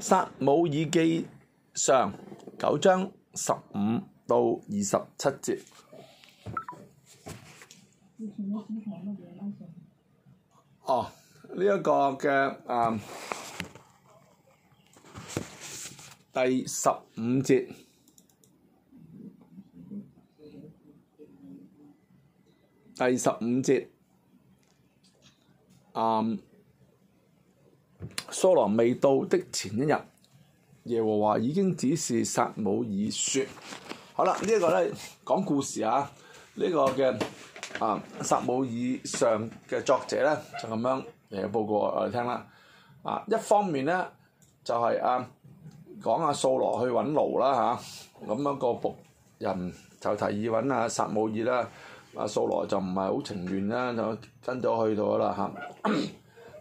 撒母耳記上九章十五到二十七節。哦，呢、這、一個嘅誒第十五節，第十五節，誒。嗯。蘇羅未到的前一日，耶和華已經指示撒母耳說：好啦，這個、呢一個咧，講故事啊，呢、這個嘅啊撒母耳上嘅作者咧就咁樣誒、啊、報告我哋聽啦。啊，一方面咧就係、是、啊講阿蘇羅去搵驢啦吓，咁、啊、樣、那個僕人就提議搵阿撒母耳啦，阿蘇羅就唔係好情願啦，就跟咗去到啦吓。啊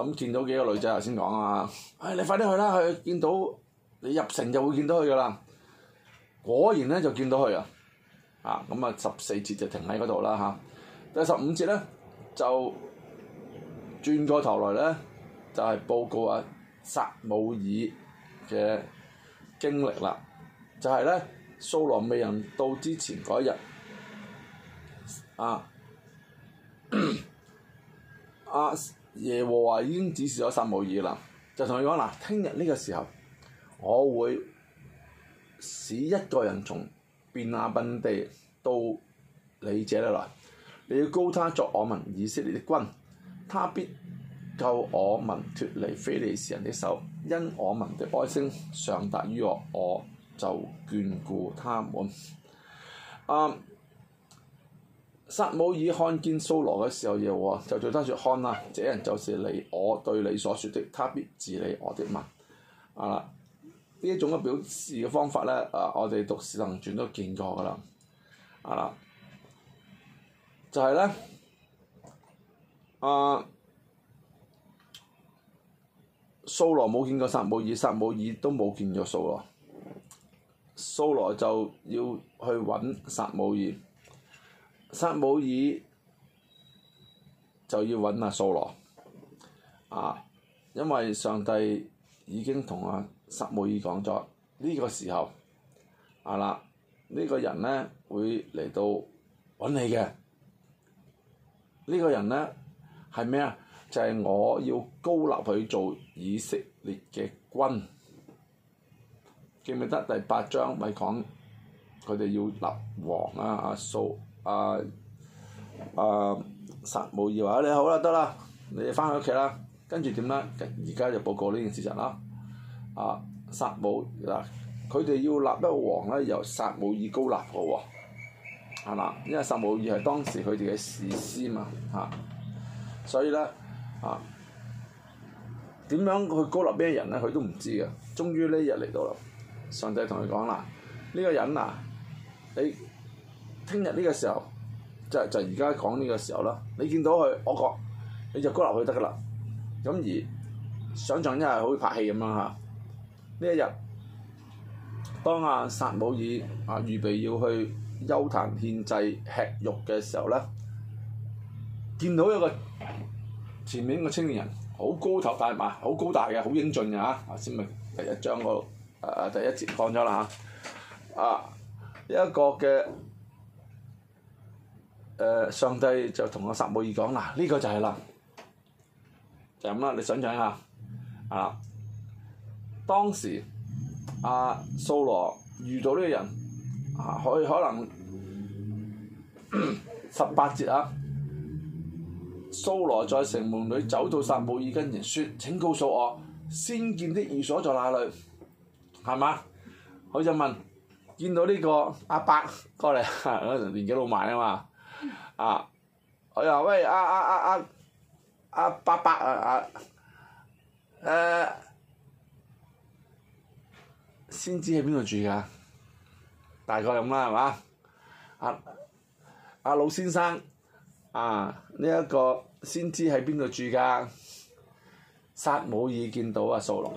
咁見到幾個女仔頭先講啊。哎，你快啲去啦，去見到你入城就會見到佢㗎啦。果然咧就見到佢啊，啊，咁、嗯、啊十四節就停喺嗰度啦嚇。第十五節咧就轉過頭來咧，就係、是、報告啊撒母耳嘅經歷啦。就係、是、咧，掃羅未人到之前嗰一日啊啊！ 啊耶和華已經指示咗撒母耳啦，就同佢講嗱，聽日呢個時候，我會使一個人從便雅憫地到你這度來，你要膏他作我民以色列的君，他必救我民脫離非利士人的手，因我民的哀聲上達於我，我就眷顧他們。啊、uh,！撒母耳看見蘇羅嘅時候，就話：就對他說，看啊，這人就是你，我對你所說的，他必治理我的民。啊，呢一種嘅表示嘅方法咧，啊，我哋讀《史能傳》都見過噶啦。啊，就係、是、咧，啊，蘇羅冇見過撒母耳，撒母耳都冇見過蘇羅，蘇羅就要去揾撒母耳。撒母耳就要揾阿掃羅，啊，因為上帝已經同阿撒母耳講咗呢個時候，啊啦呢個人咧會嚟到揾你嘅，呢個人咧係咩啊？就係我要高立佢做以色列嘅君，記唔記得？第八章咪講佢哋要立王啊啊掃。蘇啊啊！撒母耳話：你好啦，得啦，你翻去屋企啦。跟住點咧？而家就報告呢件事情啦。啊！撒母嗱，佢哋要立一個王咧，由撒母耳高立嘅喎，係、啊、嘛？因為撒母耳係當時佢哋嘅士師嘛，嚇、啊。所以咧，啊點樣去高立咩人咧？佢都唔知嘅。終於呢日嚟到啦，上帝同佢講啦：呢、啊這個人嗱、啊，你。聽日呢個時候，就就而家講呢個時候啦。你見到佢，我覺你就高落去得噶啦。咁而想像真係好似拍戲咁樣嚇。呢、啊、一日，當阿、啊、撒母耳啊預備要去邱壇獻祭吃肉嘅時候咧、啊，見到一個前面個青年人，好高頭大馬，好、啊、高大嘅，好英俊嘅嚇。先咪第一章個啊第一節放咗啦嚇。啊，一個嘅。誒、呃、上帝就同阿撒母耳講：嗱，呢個就係啦，就咁啦。你想像一下啊，啊，當時阿蘇羅遇到呢個人啊，佢可能十八節啊，蘇羅、啊啊、在城門裏走到撒母耳跟前，説：請告訴我，先見的寓所在哪裏，係、這個啊、嘛？佢就問見到呢個阿伯過嚟，年紀老邁啊嘛。啊！哎呀，喂！啊啊啊啊，阿八八啊啊！誒、啊啊，先知喺邊度住㗎？大概咁啦，係嘛？啊，阿、啊、老先生啊，呢、這、一個先知喺邊度住㗎？撒母耳見到啊，掃羅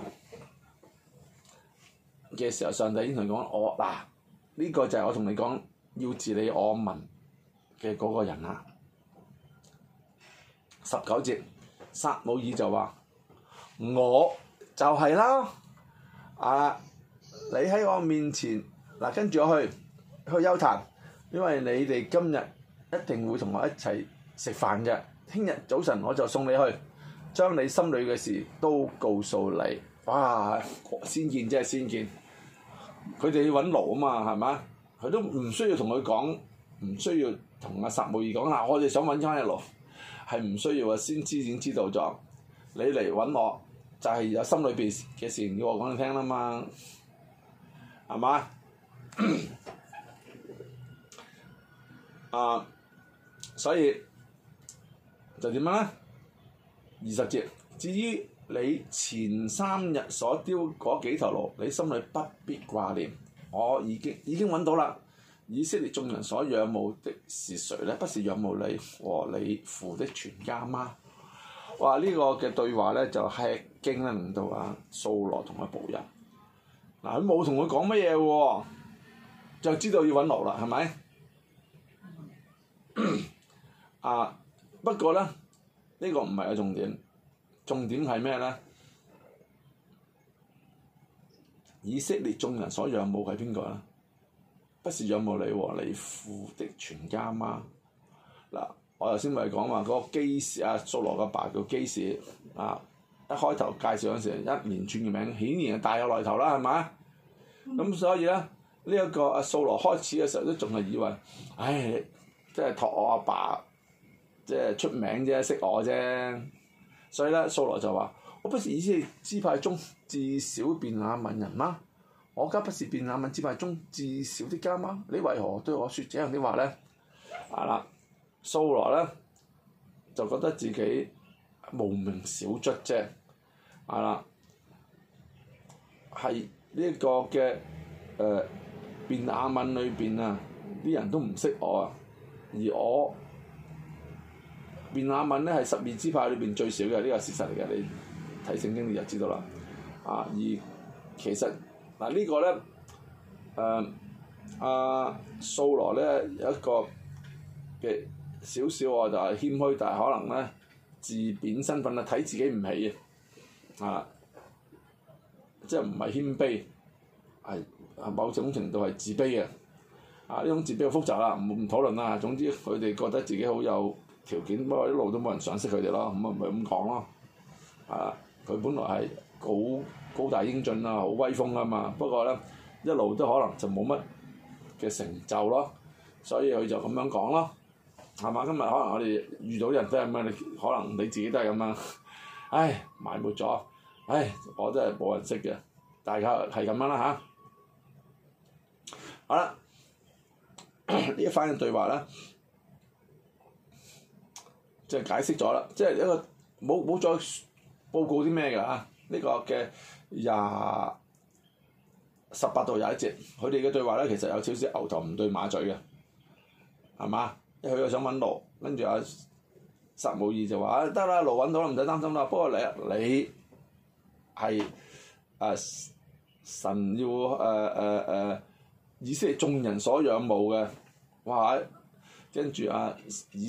嘅時候，上帝已經同你講：我嗱，呢、啊這個就係我同你講要治理我民。嘅嗰個人啦、啊，十九節，撒母耳就話：我就係啦，啊！你喺我面前，嗱、啊、跟住我去去休談，因為你哋今日一定會同我一齊食飯嘅。聽日早晨我就送你去，將你心裏嘅事都告訴你。哇！先見即係，先見，佢哋要揾路啊嘛，係咪？佢都唔需要同佢講，唔需要。同阿撒母耳講啦，我哋想揾啲開路，係唔需要啊先知先知道咗，你嚟揾我就係、是、有心裏邊嘅事要我講你聽啦嘛，係嘛？ 啊，所以就點樣咧？二十節，至於你前三日所丟嗰幾頭驢，你心裏不必掛念，我已經已經揾到啦。以色列眾人所仰慕的是誰呢？不是仰慕你和你父的全家嗎？哇！呢、這個嘅對話呢，就係驚愣到啊，掃羅同佢僕人。嗱、啊，佢冇同佢講乜嘢喎，就知道要揾落啦，係咪？ 啊，不過呢，呢、這個唔係個重點，重點係咩呢？以色列眾人所仰慕係邊個呢？不是仰慕你和你父的全家嗎？嗱，我頭先咪講話嗰個基士啊，掃羅嘅爸叫基士啊，一開頭介紹嗰陣時，一連串嘅名，顯然係大有來頭啦，係咪啊？咁所以咧，呢一個啊掃羅開始嘅時候都仲係以為，唉，即係託我阿爸，即係出名啫，識我啫。所以咧，掃羅就話：我不是以色列支派中至小便雅憫人嗎？我家不是便雅憫支派中至小的家嗎？你為何對我説這樣的話呢？係啦， 掃羅咧就覺得自己無名小卒啫。係啦，係呢一個嘅誒便雅憫裏邊啊，啲人都唔識我啊，而我便雅憫咧係十二支派裏邊最少嘅，呢、這個事實嚟嘅，你睇聖經你就知道啦。啊，而其實。嗱呢個咧，誒阿蘇羅咧有一個嘅少少啊，就係謙虛，但係可能咧自扁身份啊，睇自己唔起啊，即係唔係謙卑，係、啊、係某種程度係自卑嘅，啊呢種自卑好複雜啦，唔唔討論啦，總之佢哋覺得自己好有條件，不過一路都冇人賞識佢哋咯，咁啊咪咁講咯，啊佢本來係好。高大英俊啊，好威風啊嘛！不過咧，一路都可能就冇乜嘅成就咯，所以佢就咁樣講咯，係嘛？今日可能我哋遇到人都係咁樣，你可能你自己都係咁樣。唉，埋沒咗，唉，我都係冇人識嘅，大家係咁樣啦吓、啊，好啦，呢一番嘅對話咧，即係解釋咗啦，即係一個冇冇再報告啲咩㗎啊？呢、這個嘅。廿十八到廿一節，佢哋嘅對話咧，其實有少少牛頭唔對馬嘴嘅，係嘛？佢又想問路，跟住阿撒母耳就話、啊：，得啦，路揾到啦，唔使擔心啦。不過你你係啊神要誒誒誒，以色列眾人所仰慕嘅，哇！跟住阿以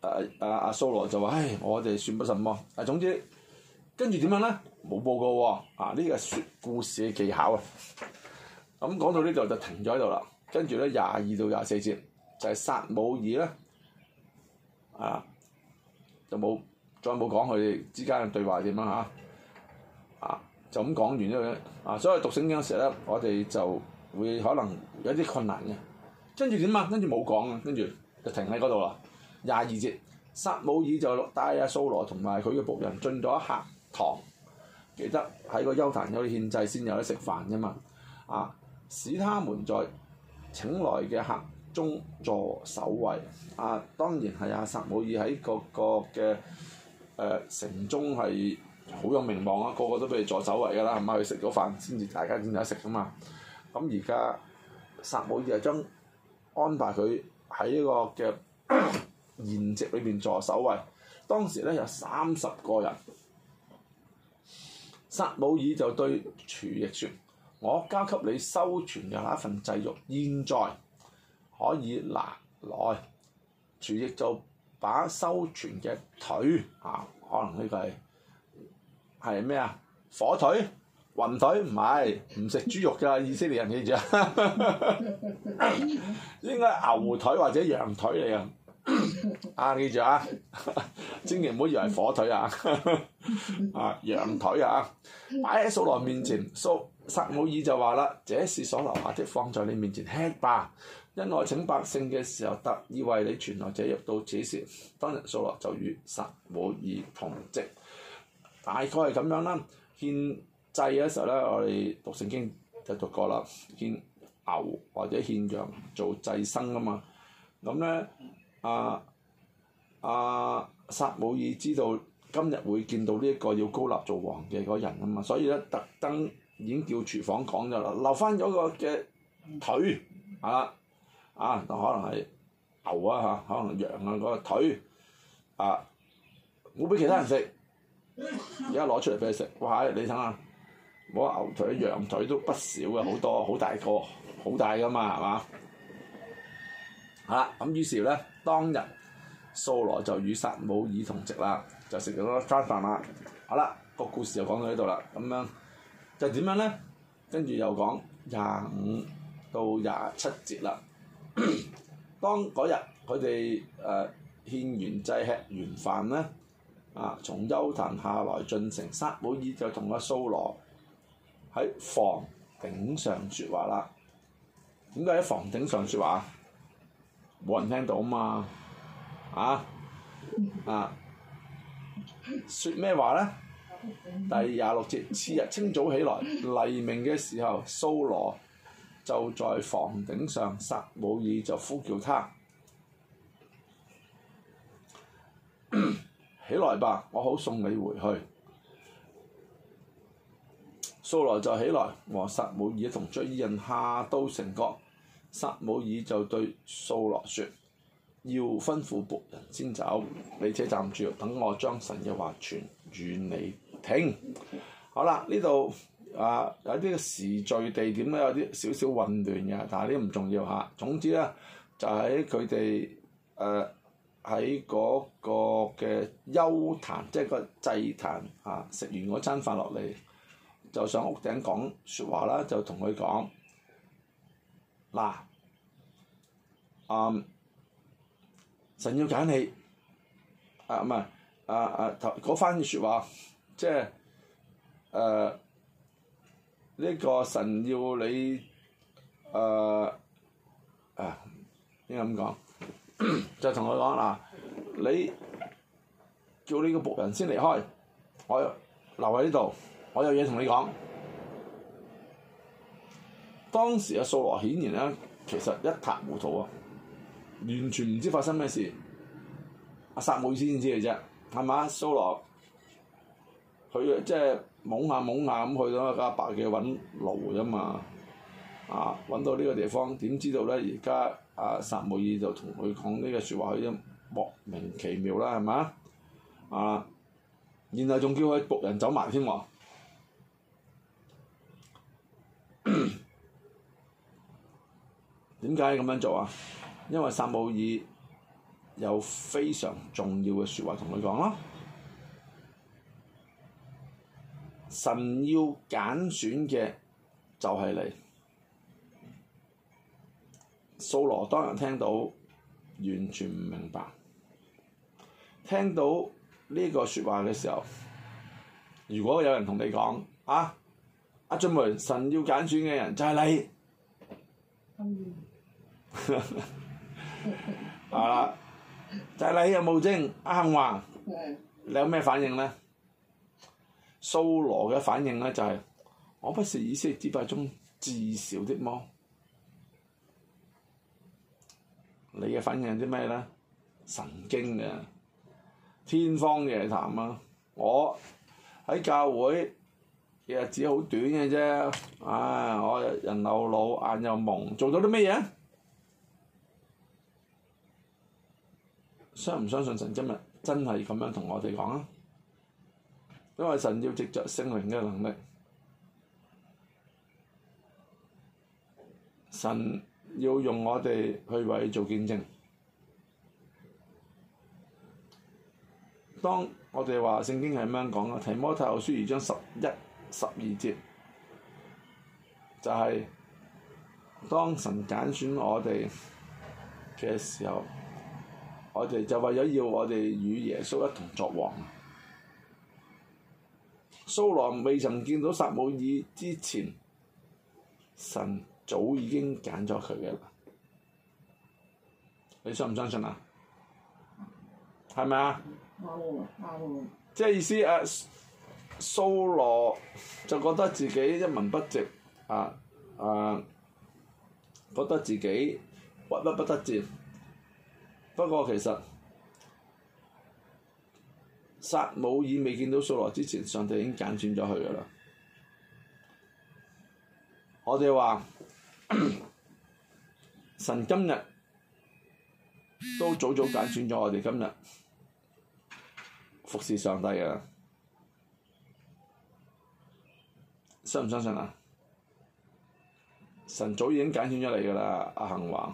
阿阿阿掃羅就話：，唉、哎，我哋算不什麼。啊，總之跟住點樣咧？冇報告喎，啊！呢個係說故事嘅技巧啊，咁講到呢度就停咗喺度啦。跟住咧廿二到廿四節就係、是、撒姆耳啦。啊，就冇再冇講佢哋之間嘅對話點樣吓，啊，就咁講完咗啦。啊，所以讀聖經嘅時候咧，我哋就會可能有啲困難嘅。跟住點啊？跟住冇講啊，跟住就停喺嗰度啦。廿二節，撒母耳就帶阿掃羅同埋佢嘅僕人進咗客堂。記得喺個邱壇有獻祭先有得食飯啫嘛，啊！使他們在請來嘅客中坐首位。啊！當然係啊，撒母耳喺個個嘅誒、呃、城中係好有名望啊，個個都俾佢坐首位㗎啦，咁咪佢食咗飯先至大家先有得食㗎嘛。咁而家撒母耳就將安排佢喺呢個嘅筵席裏邊坐首位。當時咧有三十個人。撒母耳就對廚役説：我交給你收存嘅那份祭肉，現在可以拿來。廚役就把收存嘅腿啊，可能呢個係係咩啊？火腿、雲腿唔係，唔食豬肉㗎， 以色列人記住，哈哈應該牛腿或者羊腿嚟㗎。啊，記住啊，千祈唔好以為火腿啊。啊！羊腿啊！擺喺掃羅面前，掃撒母耳就話啦：這是所留下，子，放在你面前吃吧。因我請百姓嘅時候，特意為你傳來者入到。此時，當日掃羅就與撒母耳同席。大概係咁樣啦。獻祭嘅時候咧，我哋讀聖經就讀過啦。獻牛或者獻羊做祭牲噶嘛。咁咧，啊，阿撒母耳知道。今日會見到呢一個要高立做王嘅嗰人啊嘛，所以咧特登已經叫廚房講咗啦，留返咗個嘅腿啊啊，啊，可能係牛啊嚇、啊，可能羊啊、嗰個腿啊，冇俾其他人食，而家攞出嚟俾佢食。哇！你睇下，我、那個、牛腿、羊腿都不少嘅，好多好大個，好大㗎嘛，係嘛？啊咁，於是咧當日掃羅就與撒母耳同席啦。就食咗餐飯啦，好啦，個故事就講到呢度啦，咁樣就點樣咧？跟住又講廿五到廿七節啦。當嗰日佢哋誒獻完祭，吃完飯咧，啊，從丘壇下來進城，撒母耳就同阿掃羅喺房頂上説話啦。點解喺房頂上説話？冇人聽到啊嘛，啊啊！説咩話呢？第廿六節， 次日清早起來，黎明嘅時候，蘇羅就在房頂上，撒母耳就呼叫他： 起來吧，我好送你回去。蘇羅就起來，薩爾和撒母耳同追人下到城角。撒母耳就對蘇羅說。要吩咐僕人先走，你且站住，等我將神嘅話傳與你聽。好啦，呢度啊有啲時序地點咧有啲少少混亂嘅，但係呢唔重要嚇、啊。總之咧就喺佢哋誒喺嗰個嘅邱壇，即係個祭壇嚇，食、啊、完嗰餐飯落嚟就上屋頂講説話啦，就同佢講嗱，嗯。神要揀你，啊唔係，啊啊頭嗰番説話，即係誒呢個神要你誒、呃、啊應該咁講？就同佢講嗱，你叫你個僕人先離開，我留喺呢度，我有嘢同你講。當時啊，掃羅顯然咧，其實一塌糊塗啊！完全唔知發生咩事，阿撒母耳先知嘅啫，係嘛？掃羅佢即係懵下懵下咁去咗，阿白嘅揾路啫嘛，啊揾到呢個地方，點知道咧？而家阿撒母耳就同佢講呢個説話，佢就莫名其妙啦，係嘛？啊，然後仲叫佢僕人走埋添喎，點解要咁樣做啊？因為撒母耳有非常重要嘅説話同佢講咯。神要揀選嘅就係你，掃羅當日聽到完全唔明白。聽到呢個説話嘅時候，如果有人同你講啊，阿俊梅，神要揀選嘅人就係你。嗯 就祭你有冇精，一幸運，你有咩反應咧？蘇羅嘅反應咧就係、是：我不是以色列之中最小的貓。你嘅反應啲咩咧？神經嘅，天方夜談啊！我喺教會日子好短嘅啫。啊、哎！我人又老，眼又盲，做咗啲咩嘢？相唔相信神今日真係咁樣同我哋講啊？因為神要藉着聖靈嘅能力，神要用我哋去為佢做見證。當我哋話聖經係咁樣講嘅，提摩太後書二章十一、十二節，就係、是、當神揀選我哋嘅時候。我哋就為咗要我哋與耶穌一同作王。蘇羅未曾見到撒母耳之前，神早已經揀咗佢嘅啦。你信唔相信啊？係咪、嗯嗯、啊？即係意思誒，蘇羅就覺得自己一文不值啊啊，覺得自己屈屈不，不得志。不過其實撒母耳未見到掃羅之前，上帝已經揀選咗佢㗎喇。我哋話 神今日都早早揀選咗我哋今日服侍上帝㗎喇。信唔相信，信啊？神早已經揀選咗你㗎喇，阿恆華，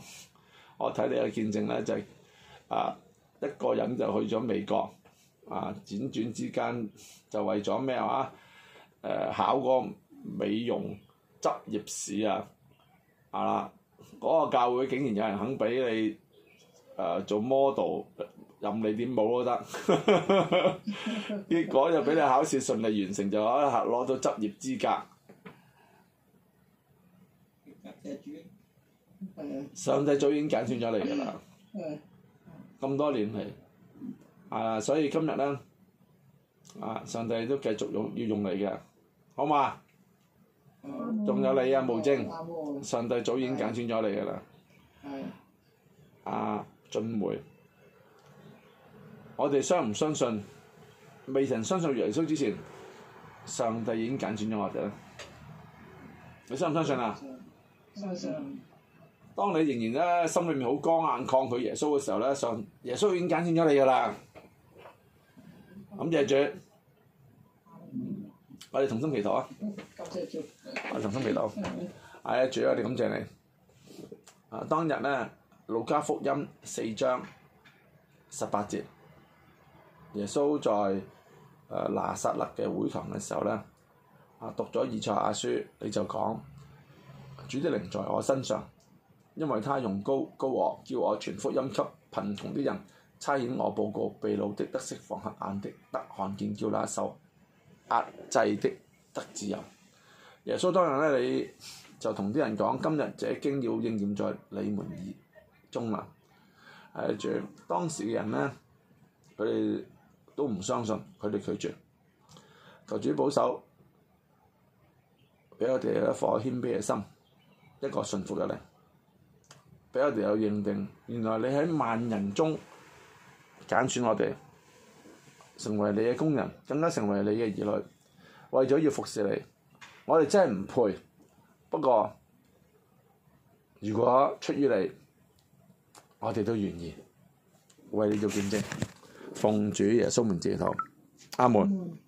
我睇你嘅見證呢就係、是。啊！一個人就去咗美國，啊，輾轉之間就為咗咩話？誒、啊，考個美容執業試啊！啊，嗰、嗰個教會竟然有人肯俾你誒、啊、做 model，任你點舞都得。 結果就俾你考試順利完成，就可攞到執業資格。 上帝早已經揀選咗你㗎啦。 咁多年嚟，啊，所以今日咧，啊，上帝都繼續用要用你嘅，好嘛？仲、嗯、有你啊，無精，上帝早已經揀選咗你噶啦。係。阿，俊梅，我哋相唔相信？未曾相信耶穌之前，上帝已經揀選咗我哋啦。你相唔相信啊？相信。相信當你仍然咧心裏面好剛硬抗拒耶穌嘅時候咧，上耶穌已經揀選咗你㗎啦。感謝主，我哋同心祈禱啊！我哋同心祈禱，哎呀主啊！我哋感謝你啊！當日咧《路加福音》四章十八節，耶穌在誒拿撒勒嘅會堂嘅時候咧，啊讀咗以賽亞書，你就講主的靈在我身上。因為他用膏膏我叫我傳福音給貧窮的人，差遣我報告被擄的得釋放，瞎眼的得看見，叫那受壓制的得自由。耶穌當日呢，你就同啲人講：今日這經要應驗在你們耳中啦。誒，最當時嘅人呢，佢哋都唔相信，佢哋拒絕。求主保守，俾我哋一顆謙卑嘅心，一個信服嘅靈。俾我哋有認定，原來你喺萬人中揀選我哋成為你嘅工人，更加成為你嘅兒女，為咗要服侍你，我哋真係唔配。不過，如果出於你，我哋都願意為你做見證，奉主耶穌名祈禱，阿門。